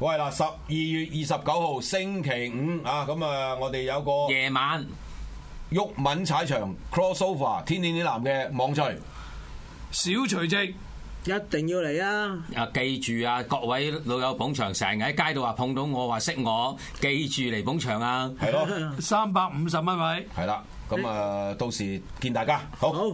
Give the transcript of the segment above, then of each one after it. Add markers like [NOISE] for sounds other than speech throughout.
喂嗱，十二月二十九號星期五啊，咁啊，我哋有個夜晚毓民踩場 Crossover，天天啲男嘅網聚小除夕一定要嚟啊！啊，記住啊，各位老友捧場，成日喺街度話碰到我話識我，記住嚟捧場啊！係咯，三百五十蚊位，係啦，咁啊，到時見大家，好好。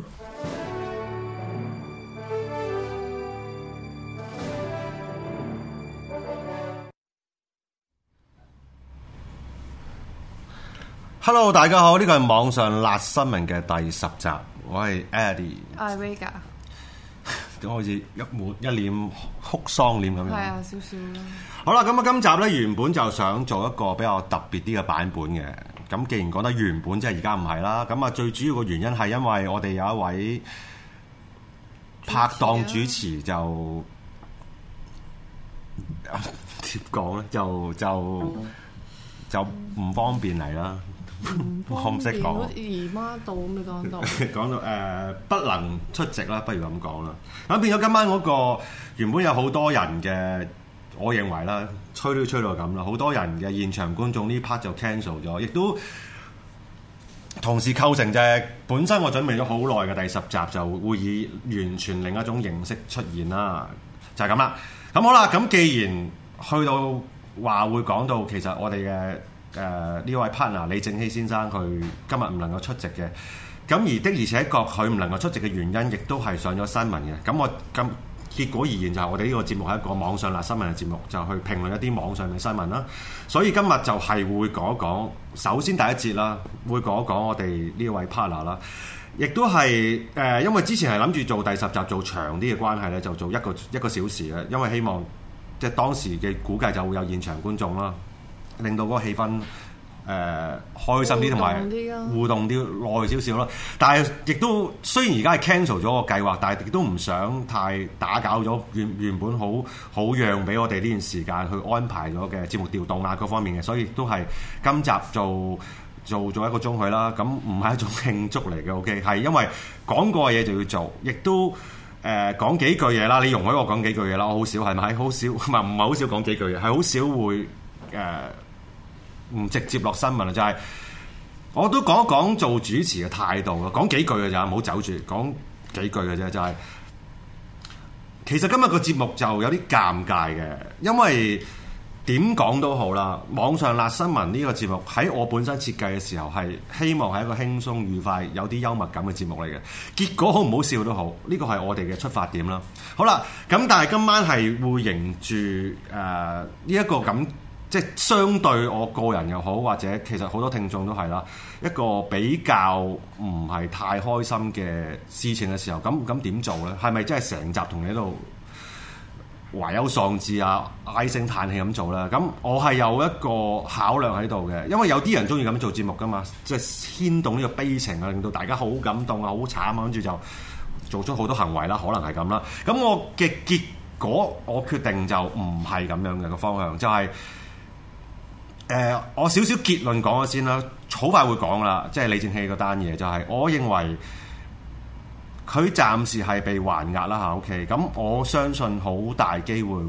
Hello，大家好，呢個係網上辣新聞嘅第十集，我係 Addie，我係 Vega，咁好似一滿一臉哭喪臉咁樣。係啊，少少，好啦，咁啊，今集呢，原本就想做一個比較特別啲嘅版本嘅，咁既然講得原本，即係而家唔係啦。咁啊，最主要嘅原因係因為我哋有一位拍檔主持就，點講咧，就就就唔方便嚟啦。 [LAUGHS] 我唔識講。姨媽到，咁你講到？講到誒，不能出席啦，不如咁講啦。咁變咗今晚嗰個原本有好多人嘅，我認為啦，吹都吹到咁啦，好多人嘅現場觀眾呢 part 就 cancel 咗，亦都同時構成就係本身我準備咗好耐嘅第十集就會以完全另一種形式出現啦，就係咁啦。咁好啦，咁既然去到話會講到，其實我哋嘅。誒呢、呃、位 partner 李正熙先生佢今日唔能夠出席嘅，咁而的而且確佢唔能夠出席嘅原因，亦都係上咗新聞嘅。咁我咁結果而言就係我哋呢個節目係一個網上辣新聞嘅節目，就去評論一啲網上嘅新聞啦。所以今日就係會講一講，首先第一節啦，會講一講我哋呢位 partner 啦，亦都係誒、呃，因為之前係諗住做第十集做長啲嘅關係咧，就做一個一個小時嘅，因為希望即係當時嘅估計就會有現場觀眾啦。令到個氣氛誒、呃、開心啲，同埋互動啲，動啊、耐少少咯。但係亦都雖然而家係 cancel 咗個計劃，但係亦都唔想太打攪咗原原本好好讓俾我哋呢段時間去安排咗嘅節目調動啊，各方面嘅，所以亦都係今集做做咗一個鐘佢啦。咁唔係一種慶祝嚟嘅，OK？係因為講過嘅嘢就要做，亦都誒、呃、講幾句嘢啦。你容許我講幾句嘢啦，我好少係咪？好少唔係唔係好少講幾句嘢，係好少會誒。呃唔直接落新聞啦，就係，我都講一講做主持嘅態度啊，講幾句嘅咋，唔好走住，講幾句嘅啫，就係，其實今日個節目就有啲尷尬嘅，因為點講都好啦，網上辣新聞呢個節目喺我本身設計嘅時候係希望係一個輕鬆愉快、有啲幽默感嘅節目嚟嘅，結果好唔好笑都好，呢個係我哋嘅出發點啦。好啦，咁但係今晚係會迎住誒呢一個咁。即係相對我個人又好，或者其實好多聽眾都係啦。一個比較唔係太開心嘅事情嘅時候，咁咁點做呢？係咪真係成集同你喺度懷憂喪志啊？唉聲嘆氣咁做呢？咁我係有一個考量喺度嘅，因為有啲人中意咁做節目㗎嘛，即係牽動呢個悲情啊，令到大家好感動啊，好慘啊，跟住就做出好多行為啦。可能係咁啦。咁我嘅結果，我決定就唔係咁樣嘅個方向，就係、是。誒、呃，我少少結論講咗先啦，好快會講啦。即係李正熙嗰單嘢，就係我認為佢暫時係被還押啦。吓，OK，咁我相信好大機會會誒、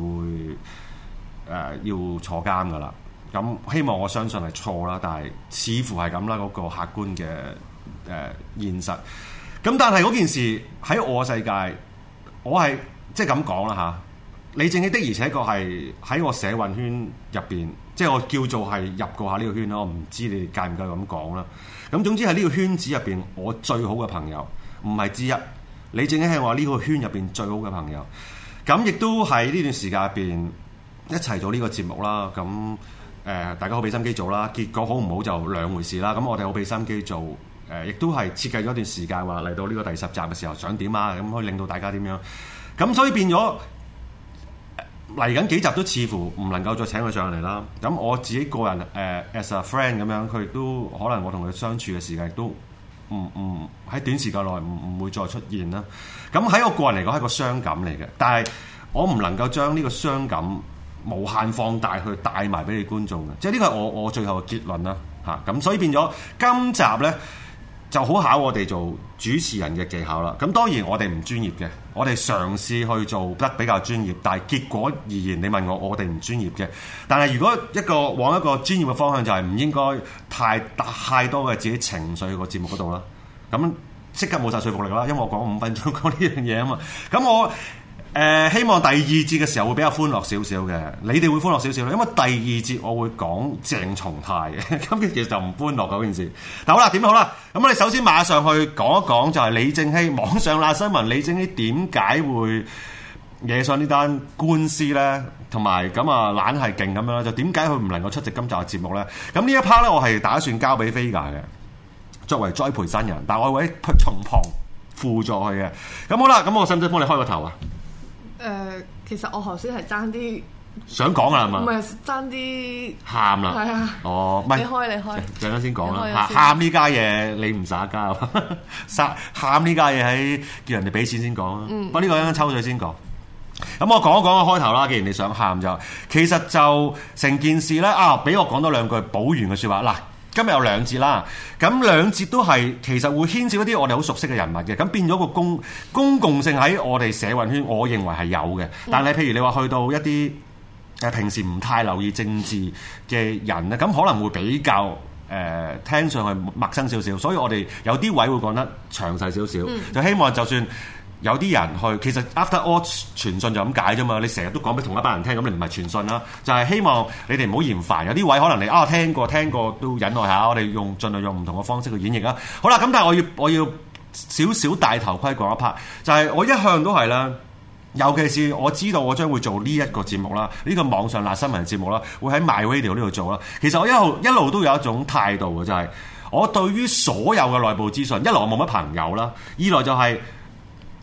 呃、要坐監噶啦。咁希望我相信係錯啦，但係似乎係咁啦。嗰、那個客觀嘅誒、呃、現實。咁但係嗰件事喺我嘅世界，我係即係咁講啦。吓，李正熙的而且確係喺我社運圈入邊。即係我叫做係入過下呢個圈啦，我唔知你哋介唔介咁講啦。咁總之喺呢個圈子入邊，我最好嘅朋友唔係之一，你正係我呢個圈入邊最好嘅朋友。咁亦都喺呢段時間入邊一齊做呢個節目啦。咁誒，大家好俾心機做啦。結果好唔好就兩回事啦。咁我哋好俾心機做誒，亦都係設計咗一段時間話嚟到呢個第十集嘅時候想點啊，咁可以令到大家點樣。咁所以變咗。嚟緊幾集都似乎唔能夠再請佢上嚟啦。咁我自己個人誒、呃、as a friend 咁樣，佢都可能我同佢相處嘅時間亦都唔唔喺短時間內唔唔、嗯、會再出現啦。咁喺我個人嚟講係個傷感嚟嘅，但係我唔能夠將呢個傷感無限放大去帶埋俾你觀眾嘅，即係呢個係我我最後嘅結論啦。嚇、啊、咁所以變咗今集呢。就好考我哋做主持人嘅技巧啦。咁當然我哋唔專業嘅，我哋嘗試去做得比較專業，但係結果而言，你問我我哋唔專業嘅。但係如果一個往一個專業嘅方向，就係、是、唔應該太大太多嘅自己情緒喺個節目嗰度啦。咁即刻冇晒說服力啦，因為我講五分鐘講呢樣嘢啊嘛。咁我。誒、呃，希望第二節嘅時候會比較歡樂少少嘅，你哋會歡樂少少，因為第二節我會講鄭松泰嘅，咁其實就唔歡樂嘅件事。嗱好啦，點都好啦，咁我哋首先馬上去講一講就係李正熙網上辣辛聞，李正熙點解會惹上呢單官司咧？同埋咁啊，懶係勁咁樣咧，就點解佢唔能夠出席今集嘅節目咧？咁呢一 part 咧，我係打算交俾 Vega 嘅，作為栽培新人，但係我會喺從旁輔助佢嘅。咁好啦，咁我使唔使幫你開個頭啊？誒、呃，其實我頭先係爭啲想講噶啦，係嘛？唔係爭啲喊啦，係了啊！哦，唔係，你開你開，陣間先講啦。喊呢家嘢你唔撒交，撒喊呢家嘢喺、欸、叫人哋俾錢先講咯。我呢、嗯、個陣間抽水先講。咁我講一講個開頭啦。既然你想喊就，其實就成件事咧啊！俾我講多兩句補完嘅説話嗱。今日有兩節啦，咁兩節都係其實會牽涉一啲我哋好熟悉嘅人物嘅，咁變咗個公公共性喺我哋社運圈，我認為係有嘅。但係譬如你話去到一啲誒平時唔太留意政治嘅人咧，咁可能會比較誒、呃、聽上去陌生少少，所以我哋有啲位會講得詳細少少，就希望就算。有啲人去，其實 after all 傳訊就咁解啫嘛。你成日都講俾同一班人聽，咁你唔係傳訊啦，就係、是、希望你哋唔好嫌煩。有啲位可能你啊聽過聽過都忍耐下，我哋用盡量用唔同嘅方式去演繹啦。好啦，咁但係我要我要少少戴頭盔講一 part，就係、是、我一向都係啦，尤其是我知道我將會做呢一個節目啦，呢、這個網上辣新聞嘅節目啦，會喺 My Radio 呢度做啦。其實我一路一路都有一種態度嘅，就係、是、我對於所有嘅內部資訊，一來我冇乜朋友啦，二來就係、是。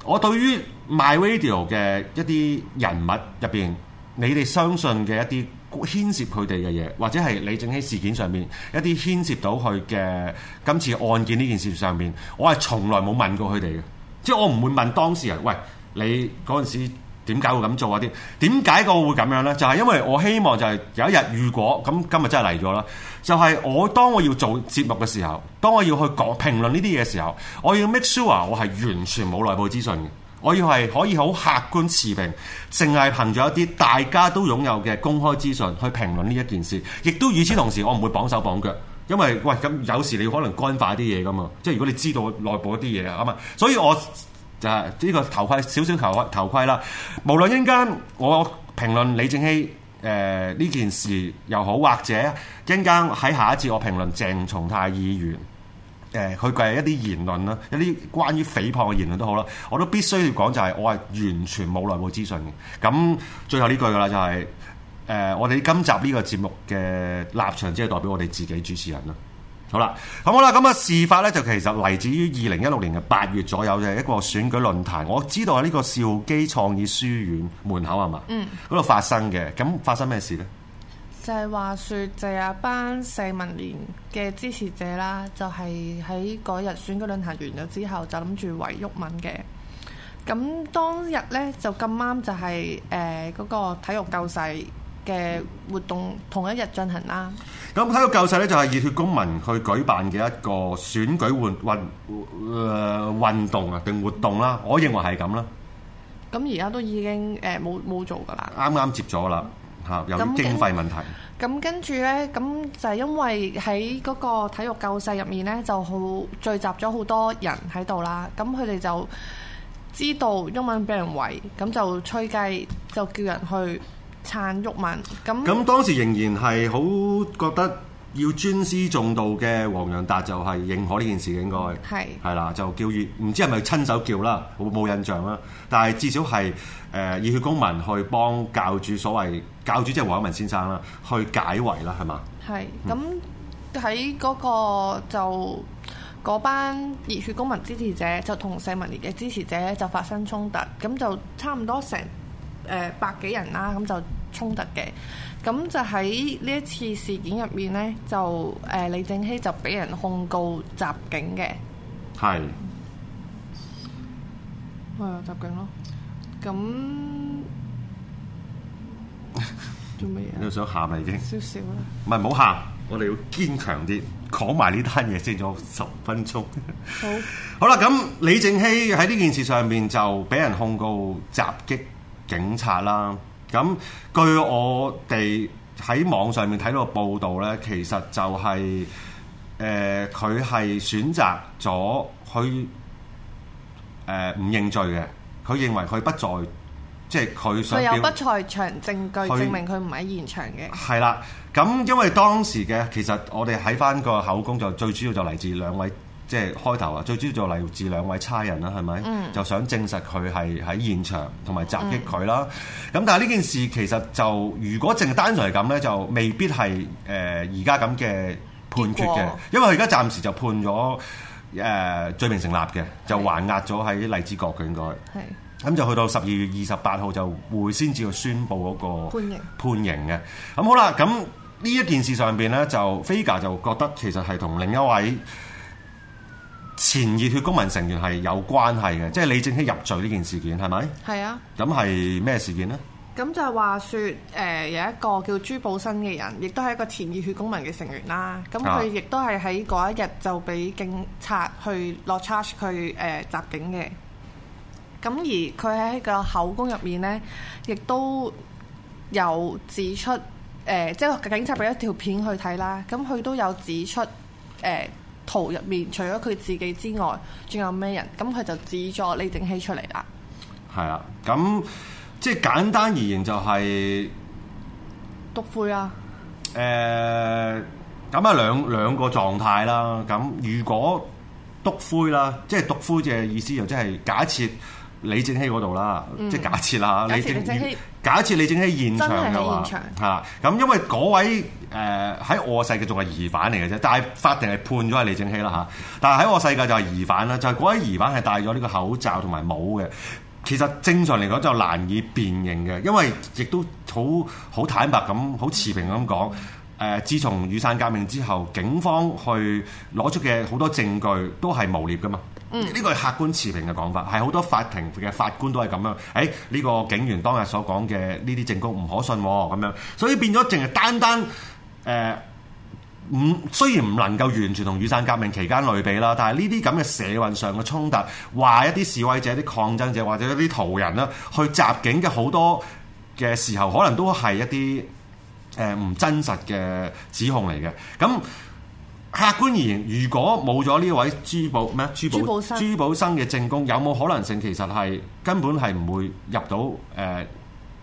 我對於 MyRadio 嘅一啲人物入邊，你哋相信嘅一啲牽涉佢哋嘅嘢，或者係李正熙事件上面一啲牽涉到佢嘅今次案件呢件事上面，我係從來冇問過佢哋嘅，即係我唔會問當事人，喂，你嗰陣時。點解會咁做啊？啲點解個會咁樣呢？就係因為我希望就係有一日，如果咁今日真係嚟咗啦，就係我當我要做節目嘅時候，當我要去講評論呢啲嘢嘅時候，我要 make sure 我係完全冇內部資訊嘅，我要係可以好客觀持平，淨係憑咗一啲大家都擁有嘅公開資訊去評論呢一件事。亦都與此同時，我唔會綁手綁腳，因為喂咁有時你可能幹化啲嘢㗎嘛，即係如果你知道內部一啲嘢啊嘛，所以我。就係呢個頭盔，少少頭盔頭盔啦。無論一陣間我評論李正熙誒呢件事又好，或者一陣間喺下一節我評論鄭松泰議員誒佢嘅一啲言論啦，一啲關於誹謗嘅言論都好啦，我都必須要講就係我係完全冇內部資訊嘅。咁最後呢句噶啦就係、是、誒、呃、我哋今集呢個節目嘅立場只係代表我哋自己主持人啦。好啦，咁好啦，咁啊事發咧就其實嚟自於二零一六年嘅八月左右嘅一個選舉論壇，我知道喺呢個兆基創意書院門口係嘛？是是嗯，嗰度發生嘅，咁發生咩事呢？就係話說，就有、是、一班社民連嘅支持者啦，就係喺嗰日選舉論壇完咗之後，就諗住圍毓民嘅，咁當日咧就咁啱就係誒嗰個體育救世。嘅活動同一日進行啦。咁體育救世咧就係熱血公民去舉辦嘅一個選舉活運誒運動啊定活動啦。我認為係咁啦。咁而家都已經誒冇冇做噶啦。啱啱接咗啦嚇，有經費問題。咁跟住咧，咁就係因為喺嗰個體育救世入面咧，就好聚集咗好多人喺度啦。咁佢哋就知道英文俾人圍，咁就吹雞，就叫人去。撐毓民，咁咁當時仍然係好覺得要尊師重道嘅黃洋達就係認可呢件事嘅應該係係啦，就叫義唔知係咪親手叫啦，冇冇印象啦。但係至少係誒、呃、熱血公民去幫教主，所謂教主即係黃毓民先生啦，去解圍啦，係嘛？係咁喺嗰個、嗯、就嗰班熱血公民支持者就同社民連嘅支持者就發生衝突，咁就差唔多成，誒，百幾人啦，咁就衝突嘅，咁就喺呢一次事件入面咧，就誒李正熙就俾人控告襲警嘅，係，係啊襲警咯。咁做乜嘢？你想喊咪已經？少少啦，唔係唔好喊，我哋要堅強啲，講埋呢單嘢先，仲有十分鐘。好，好啦，咁李正熙喺呢件事上面就俾人控告襲擊。警察啦，咁據我哋喺網上面睇到報道呢，其實就係誒佢係選擇咗去誒唔認罪嘅，佢認為佢不在，即係佢有不在場證據，佢證明佢唔喺現場嘅。係啦，咁因為當時嘅其實我哋睇返個口供，就最主要就嚟自兩位。即係開頭啊，最主要就嚟自兩位差人啦，係咪？嗯、就想證實佢係喺現場同埋襲擊佢啦。咁、嗯、但係呢件事其實就如果淨單純係咁咧，就未必係誒而家咁嘅判決嘅，果因為佢而家暫時就判咗誒、呃、罪名成立嘅，就還押咗喺荔枝角佢應該。係咁是、嗯嗯、就去到十二月二十八號就會先至去宣佈嗰個判刑判刑嘅。咁、嗯、好啦，咁呢一件事上邊咧，就 Vega 就覺得其實係同另一位。前熱血公民成員係有關係嘅，即係李正熙入罪呢件事件，係咪？係是啊。咁係咩事件呢？咁就係話説，誒、呃、有一個叫朱寶新嘅人，亦都係一個前熱血公民嘅成員啦。咁佢亦都係喺嗰一日就俾警察去落 charge 去誒襲警嘅。咁而佢喺個口供入面呢，亦都有指出，誒、呃、即係警察俾一條片去睇啦。咁佢都有指出，誒、呃。圖入面除咗佢自己之外，仲有咩人？咁佢就指咗李正熙出嚟啦。係啊，咁即係簡單而言就係篤灰啦。誒、啊，咁啊、呃、兩兩個狀態啦。咁如果篤灰啦，即係篤灰嘅意思就即係假設李正熙嗰度啦，嗯、即係假設啦，李正熙。假設李正熙現場嘅話，嚇咁，因為嗰位誒喺、呃、我世界仲係疑犯嚟嘅啫，但係法庭係判咗係李正熙啦嚇。但係喺我世界就係疑犯啦，就係、是、嗰位疑犯係戴咗呢個口罩同埋帽嘅，其實正常嚟講就難以辨認嘅，因為亦都好好坦白咁，好持平咁講。誒、呃，自從雨傘革命之後，警方去攞出嘅好多證據都係誣蔑嘅嘛。呢個係客觀持平嘅講法，係好多法庭嘅法官都係咁樣。誒、哎，呢、呢個警員當日所講嘅呢啲證供唔可信喎、哦，咁樣，所以變咗淨係單單誒，唔、呃、雖然唔能夠完全同雨傘革命期間類比啦，但係呢啲咁嘅社運上嘅衝突，話一啲示威者、啲抗爭者或者一啲途人啦，去襲警嘅好多嘅時候，可能都係一啲誒唔真實嘅指控嚟嘅。咁客觀而言，如果冇咗呢位朱寶咩朱寶生朱寶生嘅證供，有冇可能性其實係根本係唔會入到誒、呃、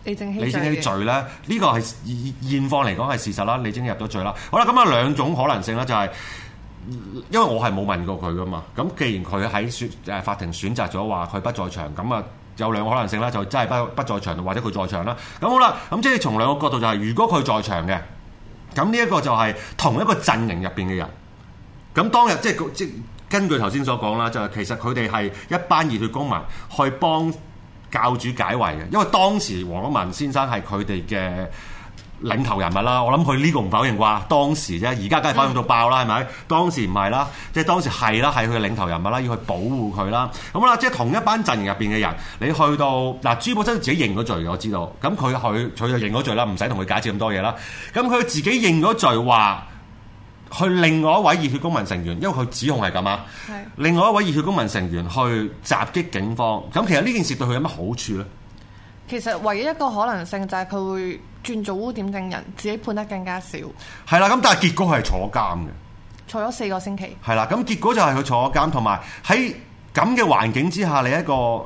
李正熙、李正熙罪咧？呢個係現況嚟講係事實啦，李正熙入咗罪啦。好啦，咁啊兩種可能性咧，就是，就係因為我係冇問過佢噶嘛。咁既然佢喺法庭選擇咗話佢不在場，咁啊有兩個可能性啦，就真係不不在場，或者佢在場啦。咁好啦，咁即係從兩個角度就係，是，如果佢在場嘅，咁呢一個就係同一個陣營入邊嘅人。咁、嗯、當日即係即根據頭先所講啦，就係其實佢哋係一班熱血公民去幫教主解圍嘅，因為當時黃安文先生係佢哋嘅領頭人物啦。我諗佢呢個唔否認啩？當時啫，而家梗係否認到爆啦，係咪、嗯？當時唔係啦，即係當時係啦，係佢嘅領頭人物啦，要去保護佢啦。咁、嗯、啦，即係同一班陣營入邊嘅人，你去到嗱、啊、朱寶珍自己認咗罪，我知道。咁佢去，佢就認咗罪啦，唔使同佢解釋咁多嘢啦。咁佢自己認咗罪話。去另外一位熱血公民成員，因為佢指控係咁啊。係。另外一位熱血公民成員去襲擊警方，咁其實呢件事對佢有乜好處咧？其實唯一一個可能性就係佢會轉做污點證人，自己判得更加少。係啦，咁但係結果係坐監嘅，坐咗四個星期。係啦，咁結果就係佢坐監，同埋喺咁嘅環境之下，你一個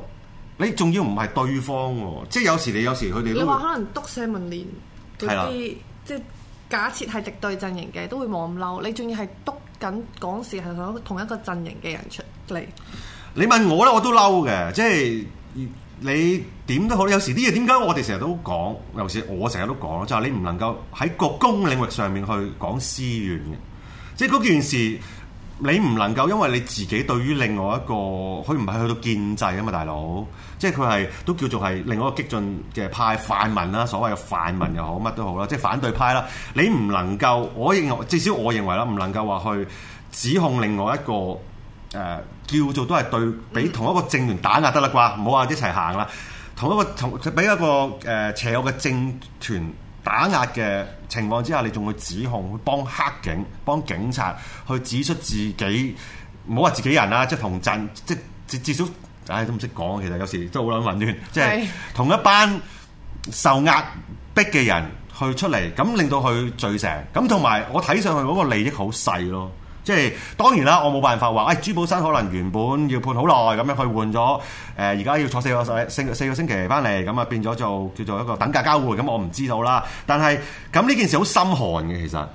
你仲要唔係對方，即係有時你有時佢哋你話可能篤社民連，嗰啲的即係。即假設係敵對陣營嘅，都會冇咁嬲。你仲要係督緊講時係同一個陣營嘅人出嚟。你問我咧，我都嬲嘅。即係你點都好，有時啲嘢點解我哋成日都講？尤其是我成日都講，就係、係、你唔能夠喺個公領域上面去講私怨嘅。即係嗰件事。你唔能夠因為你自己對於另外一個，佢唔係去到建制㗎嘛，大佬，即係佢係都叫做係另外一個激進嘅派泛民啦，所謂嘅泛民又好，乜都好啦，即係反對派啦。你唔能夠，我認為至少我認為啦，唔能夠話去指控另外一個誒、呃，叫做都係對，俾同一個政團打壓得啦啩，唔好話一齊行啦，同一個同俾一個誒、呃、邪惡嘅政團。打壓嘅情況之下，你仲會指控去幫黑警、幫警察去指出自己，唔好話自己人啦，即係同陣，即至少，唉，都唔識講。其實有時真係好撚混亂，是的 即係同一班受壓迫嘅人去出嚟，咁令到佢聚成咁，同埋我睇上去嗰個利益好細咯。即係當然啦，我冇辦法話，誒、哎、朱寶山可能原本要判好耐咁樣，去換咗誒而家要坐四個星四個星期翻嚟，咁啊變咗做叫做一個等價交換，咁我唔知道啦。但係咁呢件事好心寒嘅，其實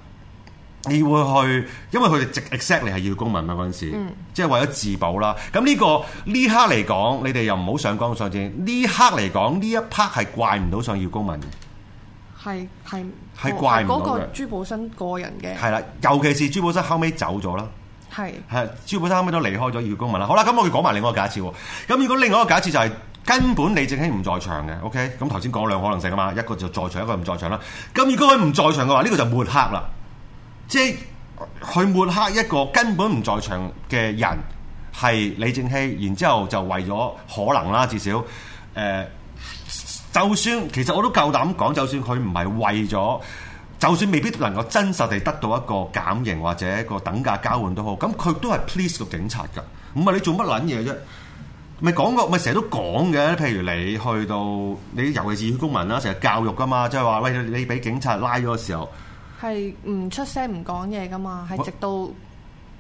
你會去，因為佢哋直 exactly 係要公民嘛。嗰時，嗯、即係為咗自保啦。咁呢、呢個呢刻嚟講，你哋又唔好上綱上線。呢刻嚟講，呢一 part 係怪唔到想要公民。係係係怪唔到嗰個朱寶生個人嘅係啦，尤其是朱寶生後尾走咗啦，係係是朱寶生後尾都離開咗葉公文啦。好啦，咁我哋講埋另外一個假設。咁如果另外一個假設就係根本李正熙唔在場嘅，OK？咁頭先講兩可能性啊嘛，一個就在場，一個唔在場啦。咁如果佢唔在場嘅話，呢、這個就抹黑啦，即係佢抹黑一個根本唔在場嘅人係李正熙，然之後就為咗可能啦，至少誒。呃就算其實我都夠膽講，就算佢唔係為咗，就算未必能夠真實地得到一個減刑或者一個等價交換都好，咁佢都係 please 個警察㗎。唔係你做乜撚嘢啫？咪講過，咪成日都講嘅，譬如你去到你尤其是公民啦，成日教育㗎嘛，即係話喂你俾警察拉咗嘅時候，係唔出聲唔講嘢㗎嘛，係直到。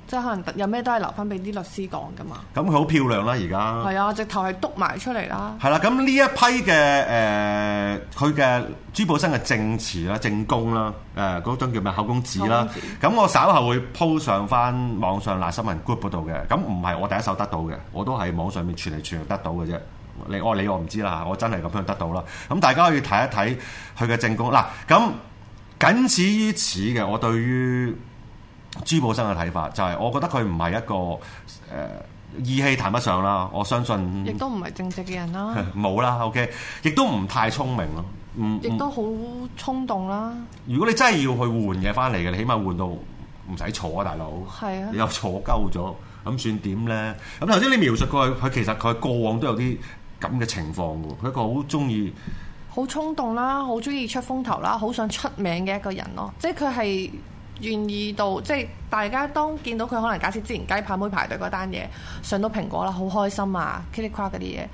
即係可能有咩都係留翻俾啲律師講㗎嘛？咁佢好漂亮、啊啊、啦，而家係啊，直頭係篤埋出嚟啦。係啦，咁呢一批嘅誒，佢、呃、嘅朱寶生嘅證詞啦、證供啦、誒、呃、嗰種叫咩口供紙啦，咁我稍後會鋪上翻網上辣辛聞 group 度嘅。咁唔係我第一手得到嘅，我都係網上面傳嚟傳嚟得到嘅啫、哦。你我你我唔知啦，我真係咁樣得到啦。咁大家可以睇一睇佢嘅證供嗱。咁、啊、僅止於此嘅，我對於。朱寶生嘅睇法就係、是，我覺得佢唔係一個誒、呃、義氣談不上啦。我相信亦都唔係正直嘅人啦。冇啦 [LAUGHS] ，OK，亦都唔太聰明咯。嗯，亦都好衝動啦。如果你真係要去換嘢翻嚟嘅，你起碼換到唔使坐啊，大佬。係啊，你又坐鳩咗，咁算點咧？咁頭先你描述過佢，佢其實佢過往都有啲咁嘅情況噶。佢一個好中意，好衝動啦，好中意出風頭啦，好想出名嘅一個人咯。即係佢係。願意到即係大家當見到佢，可能假設之前雞扒妹排隊嗰單嘢上到蘋果啦，好開心啊，噼哩誇嗰啲嘢。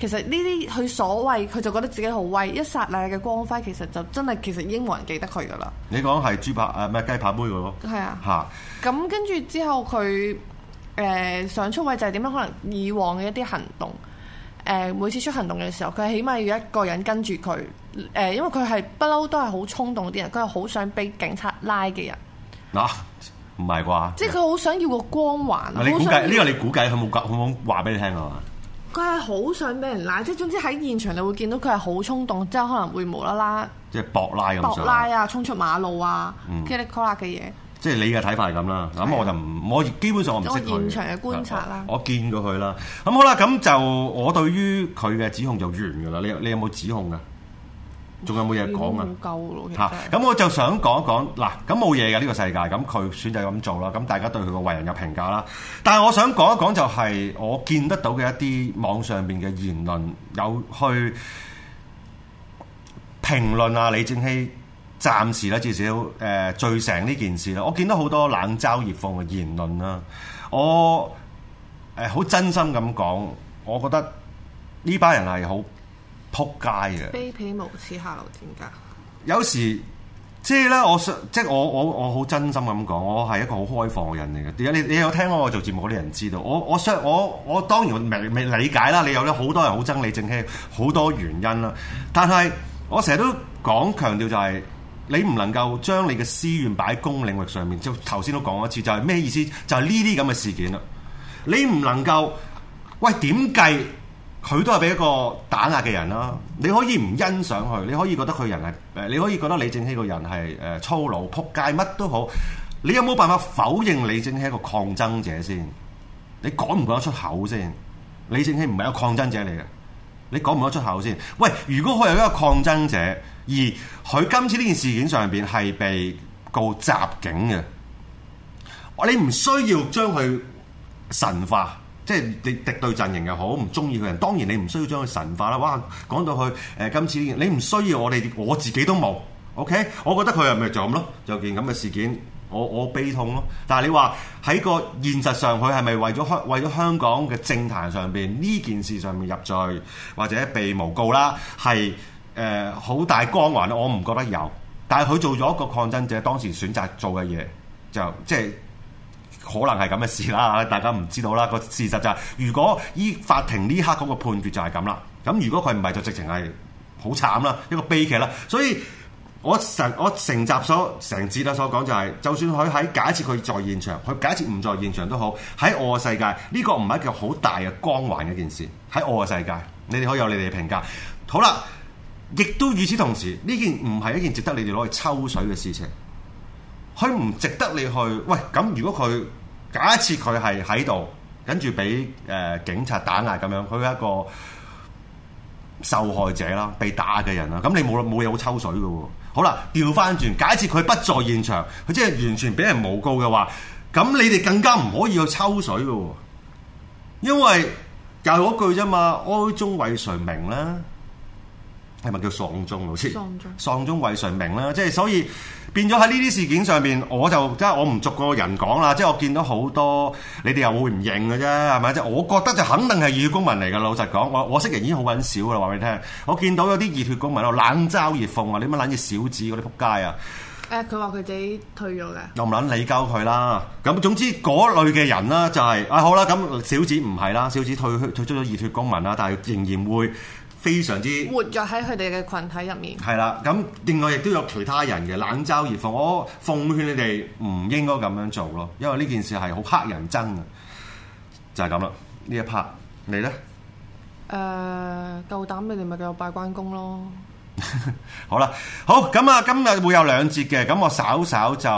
其實呢啲佢所謂佢就覺得自己好威，一剎那嘅光輝，其實就真係其實已經冇人記得佢噶啦。你講係豬扒誒，咩係雞扒妹喎？係啊，嚇咁、啊啊、跟住之後，佢誒想出位就係點樣？可能以往嘅一啲行動誒、呃，每次出行動嘅時候，佢起碼要一個人跟住佢誒，因為佢係不嬲都係好衝動啲人，佢係好想俾警察拉嘅人。嗱，唔係啩？即係佢好想要個光環。你估計呢個你估計佢冇講，佢冇話俾你聽啊嘛？佢係好想俾人拉，即係總之喺現場你會見到佢係好衝動，即係可能會無啦啦，即係搏拉咁樣，搏拉啊，衝出馬路啊，get the call 嘅嘢。嗯、即係你嘅睇法係咁啦，咁我就唔，啊、我基本上我唔識佢現場嘅觀察啦。我見過佢啦，咁好啦，咁就我對於佢嘅指控就完噶啦。你有你有冇指控啊？仲有冇嘢講啊？嚇！咁我就想講一講嗱，咁冇嘢嘅呢個世界，咁佢選擇咁做啦。咁大家對佢個為人有評價啦。但係我想講一講，就係我見得到嘅一啲網上邊嘅言論，有去評論啊李正熙，暫時咧至少誒，罪、呃、成呢件事啦。我見到好多冷嘲熱諷嘅言論啦。我誒好、呃、真心咁講，我覺得呢班人係好。扑街嘅，卑鄙無恥、下流賤格。有時即係咧，我想即係我我我好真心咁講，我係一個好開放嘅人嚟嘅。而且你你有聽過我，我做節目嗰啲人知道，我我想我我當然明明理解啦。你有咧好多人好憎你，正熙，好多原因啦。但係我成日都講強調就係、是，你唔能夠將你嘅私怨擺喺公領域上面。就頭先都講一次，就係、是、咩意思？就係呢啲咁嘅事件啦。你唔能夠，喂點計？佢都係俾一個打壓嘅人啦，你可以唔欣賞佢，你可以覺得佢人係，誒，你可以覺得李正熙個人係，誒、呃，粗魯扑街乜都好，你有冇辦法否認李正熙係一個抗爭者先？你講唔講得出口先？李正熙唔係一個抗爭者嚟嘅，你講唔講得出口先？喂，如果佢係一個抗爭者，而佢今次呢件事件上邊係被告襲警嘅，你唔需要將佢神化。即係你敵對陣營又好，唔中意佢嘅人，當然你唔需要將佢神化啦。哇，講到佢誒、呃、今次，你唔需要我哋，我自己都冇。OK，我覺得佢係咪就咁咯？就件咁嘅事件，我我悲痛咯。但係你話喺個現實上，佢係咪為咗香為咗香港嘅政壇上邊呢件事上面入罪或者被誣告啦？係誒好大光環，我唔覺得有。但係佢做咗一個抗爭者，當時選擇做嘅嘢就即係。可能係咁嘅事啦，大家唔知道啦。個事實就係，如果依法庭呢刻嗰個判決就係咁啦。咁如果佢唔係，就直情係好慘啦，一個悲劇啦。所以我成我成集所成志啦所講就係，就算佢喺假設佢在現場，佢假設唔在現場都好，喺我嘅世界呢個唔係一個好大嘅光環嘅一件事。喺我嘅世界，你哋可以有你哋嘅評價。好啦，亦都與此同時，呢件唔係一件值得你哋攞去抽水嘅事情，佢唔值得你去。喂，咁如果佢假設佢係喺度，跟住俾誒警察打壓咁樣，佢係一個受害者啦，被打嘅人啦，咁你冇冇嘢好抽水嘅喎。好啦，調翻轉，假設佢不在現場，佢即係完全俾人誣告嘅話，咁你哋更加唔可以去抽水嘅喎，因為就係、是、嗰句啫嘛，哀中為誰鳴啦，係咪叫喪鐘老師？喪鐘喪鐘為誰鳴咧？即係所以。變咗喺呢啲事件上邊，我就即係我唔逐個人講啦，即係我見到好多，你哋又會唔認嘅啫，係咪？即係我覺得就肯定係熱血公民嚟嘅。老實講，我我識人已經好撚少啦，話畀你聽。我見到有啲熱血公民喺度冷嘲熱諷啊，你乜撚住小子嗰啲撲街啊？誒、呃，佢話佢哋退咗嘅，又唔撚理鳩佢啦。咁總之嗰類嘅人啦、就係，就係啊好啦，咁小子唔係啦，小子退退出咗熱血公民啦，但係仍然會，非常之活躍喺佢哋嘅群體入面。係啦，咁另外亦都有其他人嘅冷嘲熱諷，我奉勸你哋唔應該咁樣做咯，因為呢件事係好黑人憎嘅，就係咁啦。呢一 part，你呢？誒，uh, 夠膽你哋咪繼續拜關公咯！ [LAUGHS] 好啦，好咁啊，今日會有兩節嘅，咁我稍稍就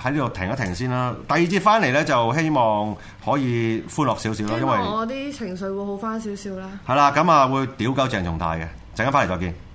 喺呢度停一停先啦。第二節翻嚟呢，就希望可以歡樂少少啦，點點，因為我啲情緒會好翻少少啦。係啦， [LAUGHS] 咁啊會屌鳩鄭松泰嘅，陣間翻嚟再見。